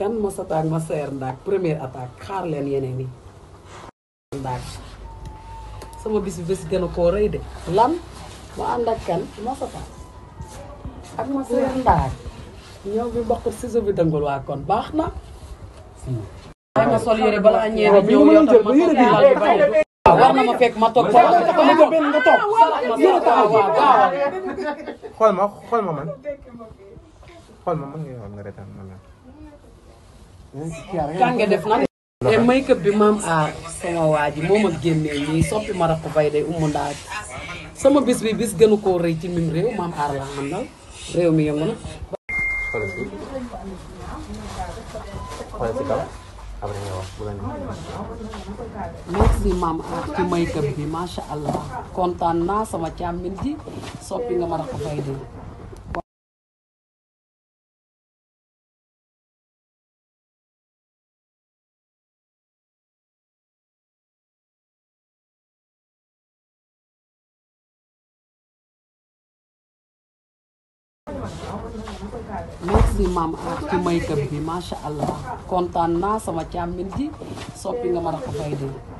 kan ma sataak ma seer ndaak première attaque xaar leen yeneen yi ndaak sama bis bi bés gën koo rëy de lan ma ànd ak kan ma ak ma seer ndaak ñëw bi bokkul ciseau bi dëngul waa kon baax na ma fekk ma toog xool ma xool ma man xool ma man nga yow nga retaan man la. kànge def te make bi maam aar sama waa ji moom ak génnee nii soppi ma rakk fay day umu ndaaj sama bis bi bis gënu koo rëy ci mim réew maam aar laa àndal réew mi yëngu na bi masha allah kontaan naa sama càmmin ji soppi nga ma rakk fay day merci maam aar ci may-up bi macha allah kontaan naa sama càmmin ji soppi nga ma dafa fay dee.